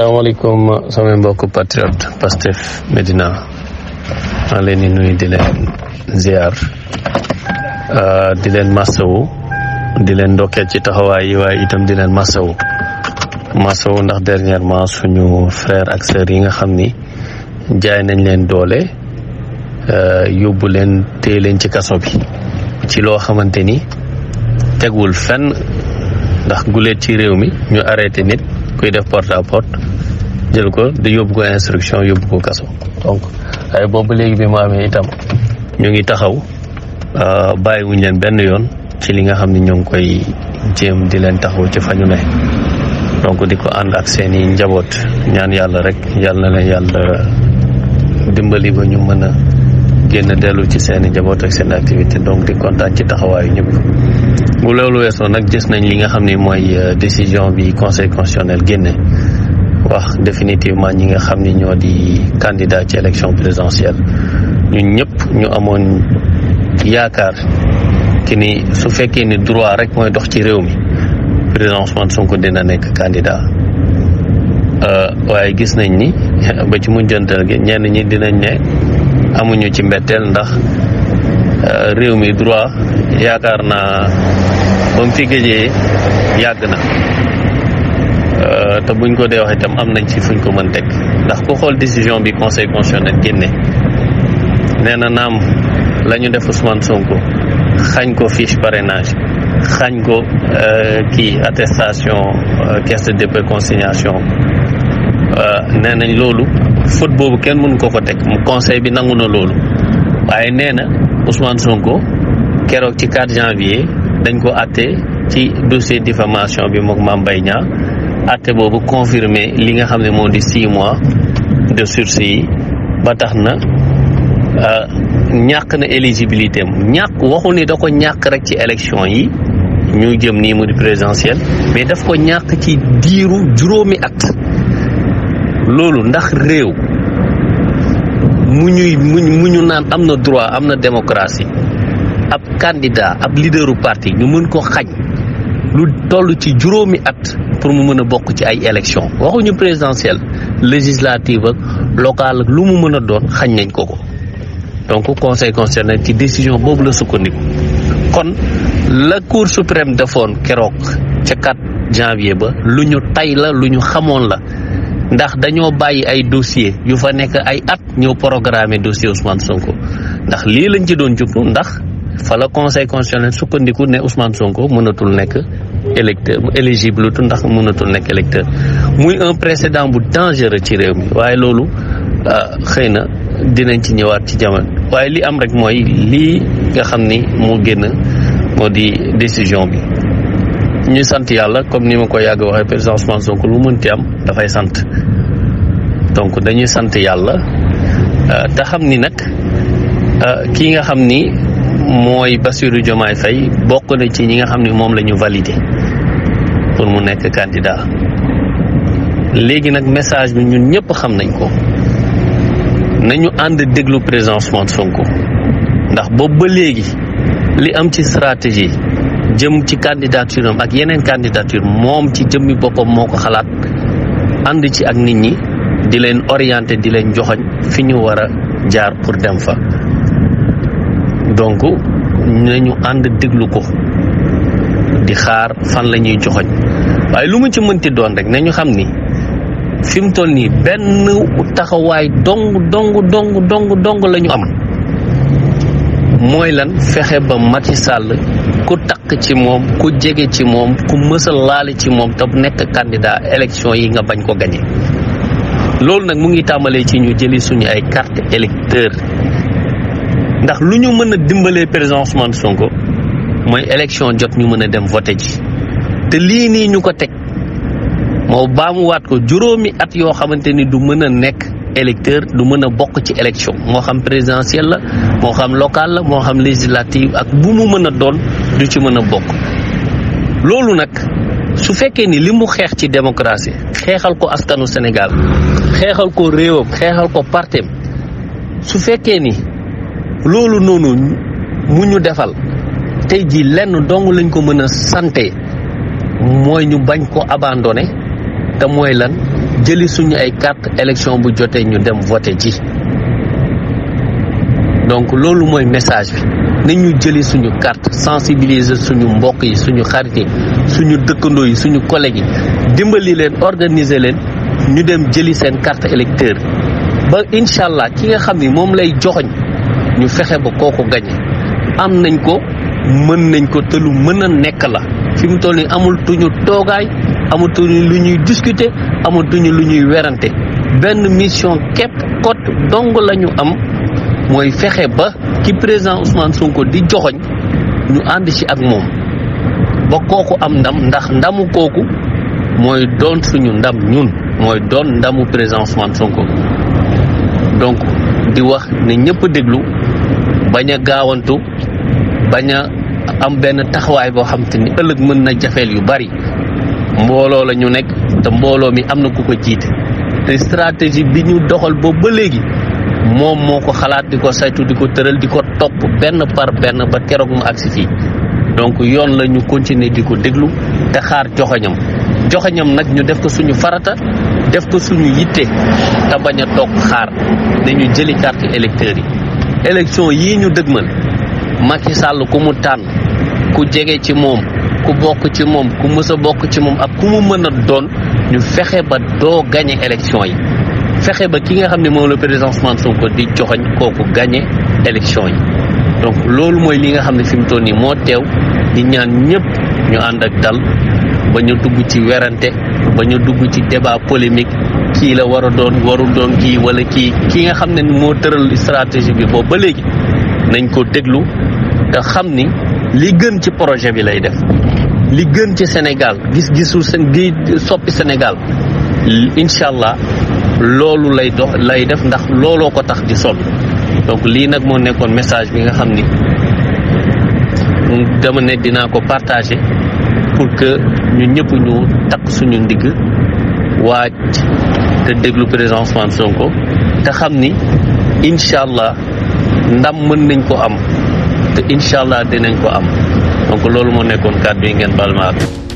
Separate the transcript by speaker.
Speaker 1: asalaamaaleykum samay mbokk patriote Pastef Medina maa leen di nuyu di leen ziar euh, di leen massawu di leen ndokkeel ci taxawaay yi waaye itam di leen massawu wu ndax dernièrement suñu frère ak sœur yi nga xam ni jaay nañ leen doole euh, yóbbu leen téye leen ci kaso bi ci loo xamante ni tegwul fenn ndax guleet ci réew mi ñu arrêté nit kuy def porta à porte jël ko di yóbbu ko instruction yóbbu ko kaso donc ay boobu léegi bi mu amee itam ñu ngi taxaw euh, bàyyiwuñ leen benn yoon ci li nga xam ni ñoo ngi koy jéem di leen taxaw ci fañu ne donc di ko ànd ak seeni njaboot ñaan yàlla rek yàlla na leen yàlla dimbali ba ñu mën a génn dellu ci seen i njaboot ak seen activité donc di kontaan ci taxawaayu ñëpp bu loolu weesoo nag gis nañ li nga xam ni mooy euh, décision bi conseil constitutionnel génne wax définitivement ñi nga xam ni ñoo di candidat ci élection présidentielle ñun ñëpp ñu amoon yaakaar ki ni su fekkee ni droit rek mooy dox ci réew mi président Ousmane dina nekk candidat euh, waaye gis nañ ni ba ci mujjantal gi ñenn ñi dinañ ne amuñu ci mbetteel ndax euh, réew mi droit yaakaar naa ba fi géejee yàgg na euh, te buñ ko dee wax itam am nañ ci fuñ ko mën teg ndax ku xool décision bi conseil constitutionnel génne nee na naam la ñu def Ousmane Sonko xaañ ko fiche parrainage xañ ko euh, kii attestation euh, caisse de dépôt consignation nee nañ loolu faute boobu kenn mënu ko ko teg mu conseil bi nangu na loolu keroog ci janvier. dañ ko àtte ci dossier diffamation bi mook Mame Mbaye Niang àtte boobu confirmer li nga xam ne moo di six mois de sursis yi ba tax na euh, ñàkk na éligibilité ñàkk waxu ni da ko ñàkk rek ci élection yi ñu jëm nii mu di présidentielle mais daf ko ñàkk ci diiru juróomi at loolu ndax réew mu ñuy mu ñu naan am na droit am na démocratie ab candidat ab leaderu partie ñu mën ko xañ lu toll ci juróomi at pour mu mën a bokk ci ay élection waxuñu présidentielle législative ak locale ak lu mu mën a doon xañ nañ ko ko donc conseil constitutionnel ci décision boobu la sukkandiku kon la cour suprême defoon keroog ca 4 janvier ba lu ñu tay la lu ñu xamoon la ndax dañoo bàyyi ay dossier yu fa nekk ay at ñëw programmer dossier Ousmane Sonko ndax lii lañ ci doon jublu ndax fa la conseil constitutionnel sukkandiku ne Ousmane Sonko mënatul nekk électeur éligible ndax mënatul nekk électeur muy un précédent bu dangereux ci réew mi waaye loolu euh, xëy na dinañ ci ñëwaat ci jamono waaye li am rek mooy lii nga xam ni moo génn moo di décision bi ñu sant yàlla comme ni ma ko yàgg waxee président Ousmane Sonko lu mënti am dafay sant donc dañuy sant yàlla euh, te xam ni nag euh, kii nga xam ni mooy Bassirou Diomaye Faye bokk na ci ñi nga xam ni moom lañu ñu validé pour mu nekk candidat léegi nag message bi ñun ñëpp xam nañ ko nañu ànd déglu président Ousmane Sonko ndax boobu ba léegi li am ci stratégie jëm ci candidature ak yeneen candidature moom ci jëmmi boppam moo ko xalaat ànd ci ak nit ñi di leen orienté di leen joxoñ fi ñu war a jaar pour dem fa donc nañu ànd déglu ko di xaar fan la ñuy joxoñ waaye lu ma ci mënti doon rek nañu xam ni fi mu toll nii benn taxawaay dong dong dong dong dong lañu am mooy lan fexe ba Macky Sall ku takk ci moom ku jege ci moom ku mësa laale ci moom te nekk candidat élection yi nga bañ ko gañe loolu nag mu ngi tàmbalee ci ñu jëli suñu ay carte électeur ndax lu ñu mën a dimbalee président Ousmane Sonko mooy élection jot ñu mën a dem voté ji te lii nii ñu ko teg moo baamuwaat ko juróomi at yoo xamante ni du mën a nekk électeur du mën a bokk ci élection moo xam présidentielle la moo xam locale la moo xam législative ak bu mu mën a doon du ci mën a bokk loolu nag su fekkee ni li mu xeex ci démocratie xeexal ko askanu Sénégal xeexal ko réewam xeexal ko partem su fekkee ni loolu noonu mu ñu defal tey jii lenn dong lañ ko mën a sante mooy ñu bañ ko abandonné te mooy lan jëli suñu ay carte élection bu jotee ñu dem voté ji donc loolu mooy message bi nañu jëli suñu carte sensibiliser suñu mbokk yi suñu xarit suñu dëkkandoo yi suñu collègue yi dimbali leen organiser leen ñu dem jëli seen carte électeur ba incha allah ki nga xam ni moom lay joxoñ ñu fexe ba kooku gañe am nañ ko mën nañ ko te lu mën a nekk la fi mu toll nii amul tuñu toogaay amul tuñu lu ñuy discuter amul tuñu lu ñuy werante benn mission képp kot dong la ñu am mooy fexe ba ki président Ousmane Sonko di joxoñ ñu ànd ci ak moom ba kooku am ndam ndax ndamu kooku mooy doon suñu ndam ñun mooy doon ndamu président Ousmane Sonko donc di wax ne ñëpp déglu bañ a gaawantu bañ a am benn taxawaay boo xam te ni ëllëg mën na jafeel yu bari mbooloo la ñu nekk te mbooloo mi am na ku ko jiite te stratégie bi ñu doxal boobu ba léegi moom moo ko xalaat di ko saytu di ko tëral di ko topp benn par benn ba keroog mu agsi fii donc yoon lañu ñu di ko déglu te xaar joxoñam joxoñam nag ñu def ko suñu farata def ko suñu yitte te bañ a toog xaar dañu jëli carte électeur yi élection yi ñu dëgmal Macky Sall ku mu tànn ku jege ci moom ku bokk ci moom ku mës a bokk ci moom ak ku mu mën a doon ñu fexe ba doo gañe élection yi fexe ba ki nga xam ne moom la président Ousmane Sonko di joxoñ kooku gañe élection yi donc loolu mooy li nga xam ne fi mu toll nii moo teew di ñaan ñëpp ñu ànd ak dal ba ñu dugg ci werante ba ñu dugg ci débat polémique kii la war doon warul doon kii wala kii ki nga xam ne moo tëral stratégie bi boobu ba léegi nañ ko déglu te xam ni li gën ci projet bi lay def li gën ci Sénégal gis-gisu seen gi soppi Sénégal incha allah loolu lay dox lay def ndax looloo ko tax di sol donc lii nag moo nekkoon message bi nga xam ni dama ne dinaa ko partagé pour que ñun ñëpp ñu takk suñu ndigg waaj te déglu président son ko te xam ni incha allah ndam mën nañ ko am te incha allah dinañ ko am donc loolu moo nekkoon kàddu yi ngeen baal ma